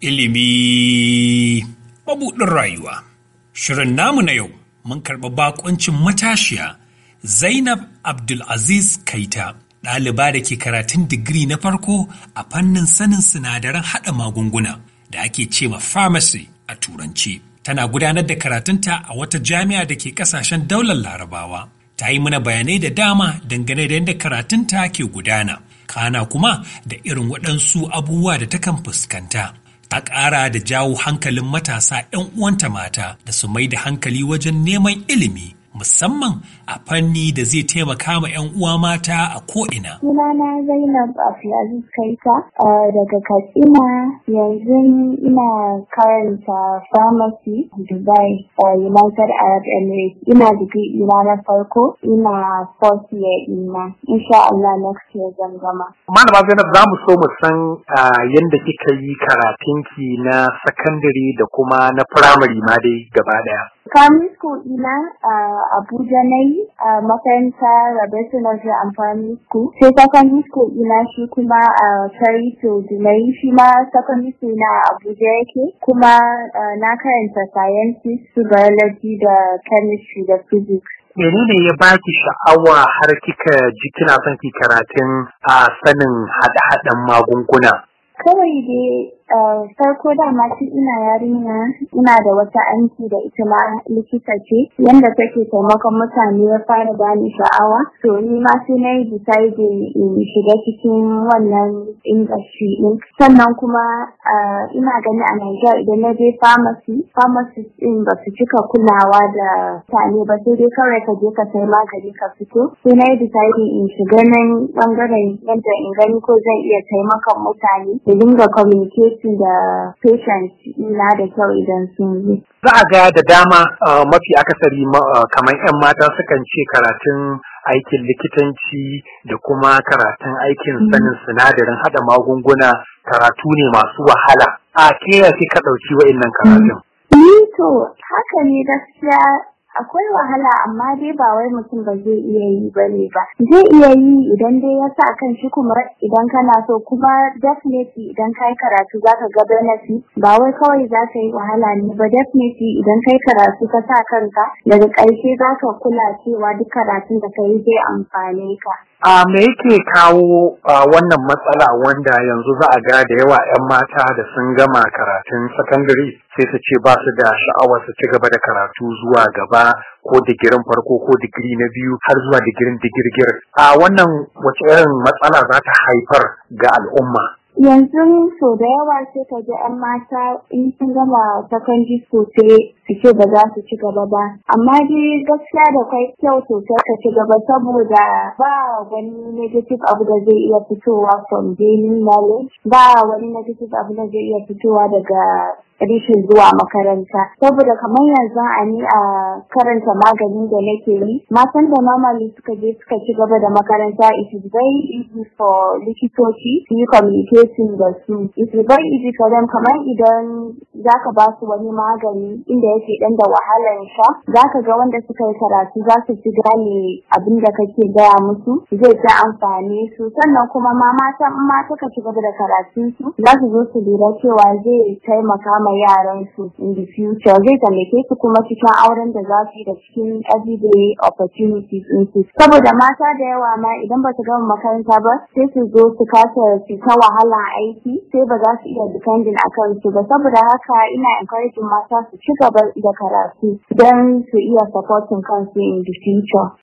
Ilimi mabuɗin rayuwa. Shirin namu na yau mun karɓi bakoncin matashiya Zainab Abdulaziz Kaita, ɗaliba da ke karatun digiri na farko a fannin sanin sinadaran haɗa magunguna da ake ce ma pharmacy a turanci. Tana gudanar da karatunta a wata jami'a da ke ƙasashen daular larabawa. Ta yi mana bayanai da dama dangane da yadda karatunta ke gudana. Kana kuma da irin waɗansu abubuwa da takan fuskanta ta ƙara da jawo hankalin matasa 'yan uwanta mata da su mai da hankali wajen neman ilimi musamman a fanni da zai taimaka ma 'yan uwa mata a ko'ina. na Zainab kai Kaita daga Katsina yanzu ina karanta pharmacy Dubai a United Arab Emirates. Ina jiki ina na farko ina fourth year ina. Insha Allah next year zan gama. Malama Zainab za mu so mu san yadda kika yi karatunki na sakandare da kuma na firamare ma dai gaba daya. Primary school ina a Abuja na yi a makaranta Roberto Nursery Primary School. Sai secondary school ina shi kuma a to Dumai shi ma secondary school na Abuja yake kuma na karanta sciences su biology da chemistry da physics. Menene ya baki sha'awa har kika ji kina son ki karatun a sanin hada-hadan magunguna? Kawai dai Eh, farko dama shi ina yarinya ina da wata anki da ita ma likita ce yanda take taimakon mutane ya fara bani sha'awa to ni ma sai na yi decide in shiga cikin wannan industry din sannan kuma eh, ina gani a Niger idan na je pharmacy pharmacy din ba su cika kulawa da mutane ba sai dai kawai ka je ka sai magani ka fito sai na yi decide in shiga nan bangaren yadda in gani ko zan iya taimakon mutane da dinga communicate aikin da patient ina da kyau idan sun yi. Za a ga da dama mafi akasari kamar 'yan mata sukan ce karatun aikin likitanci da kuma karatun aikin mm-hmm. sanin sinadarin hada magunguna karatu ne masu wahala. A ke ya ka ɗauki wa'innan karatun? Mm-hmm. Ni to haka ne gaskiya akwai wahala amma dai ba wai mutum ba zai iya yi ba ne ba zai iya yi idan dai ya sa kan shi kuma idan kana so kuma definitely idan kai karatu za ka ga benefit ba wai kawai za ka yi wahala ne ba definitely idan kai karatu ka sa kanka daga ƙarshe za ka kula cewa duk karatun da ka yi zai amfane ka a me yake kawo wannan matsala wanda yanzu za a ga da yawa 'yan mata da sun gama karatun sakandare sai su ce ba su da sha'awar su ci gaba da karatu zuwa gaba ko digirin farko ko digiri na biyu har zuwa digirin digirgir a wannan wace irin matsala za ta haifar ga al'umma yanzu sau da yawa sai ka ga 'yan mata in sun gama sakandi sosai su ce ba za su ci gaba ba amma dai gaskiya da kai kyau sosai ka ci gaba saboda ba wani negative abu da zai iya fitowa from daily knowledge ba wani negative abu da zai iya fitowa daga rishin zuwa makaranta saboda kamar yanzu a ni a karanta maganin da nake yi matan da mamali suka je suka ci gaba da makaranta it is very easy for likitoci to yi communicating da su it is very easy for them kamar idan zaka ba su wani magani inda yake dan da wahalan sha za ka ga wanda suka yi karatu za su ci gane abin da kake gaya musu zai ta amfani su sannan kuma ma mata in ma suka ci gaba da karatun su za su zo su lura cewa zai taimaka ma. ma yaran su in the future zai tallake su kuma cikin auren da za su yi da cikin everyday opportunities in su saboda mata da yawa ma idan ba su gama makaranta ba sai su zo su kasa su ta wahala aiki sai ba za su iya dependent a su ba saboda haka ina encouraging mata su ci gaba da karatu don su iya supporting kansu in the future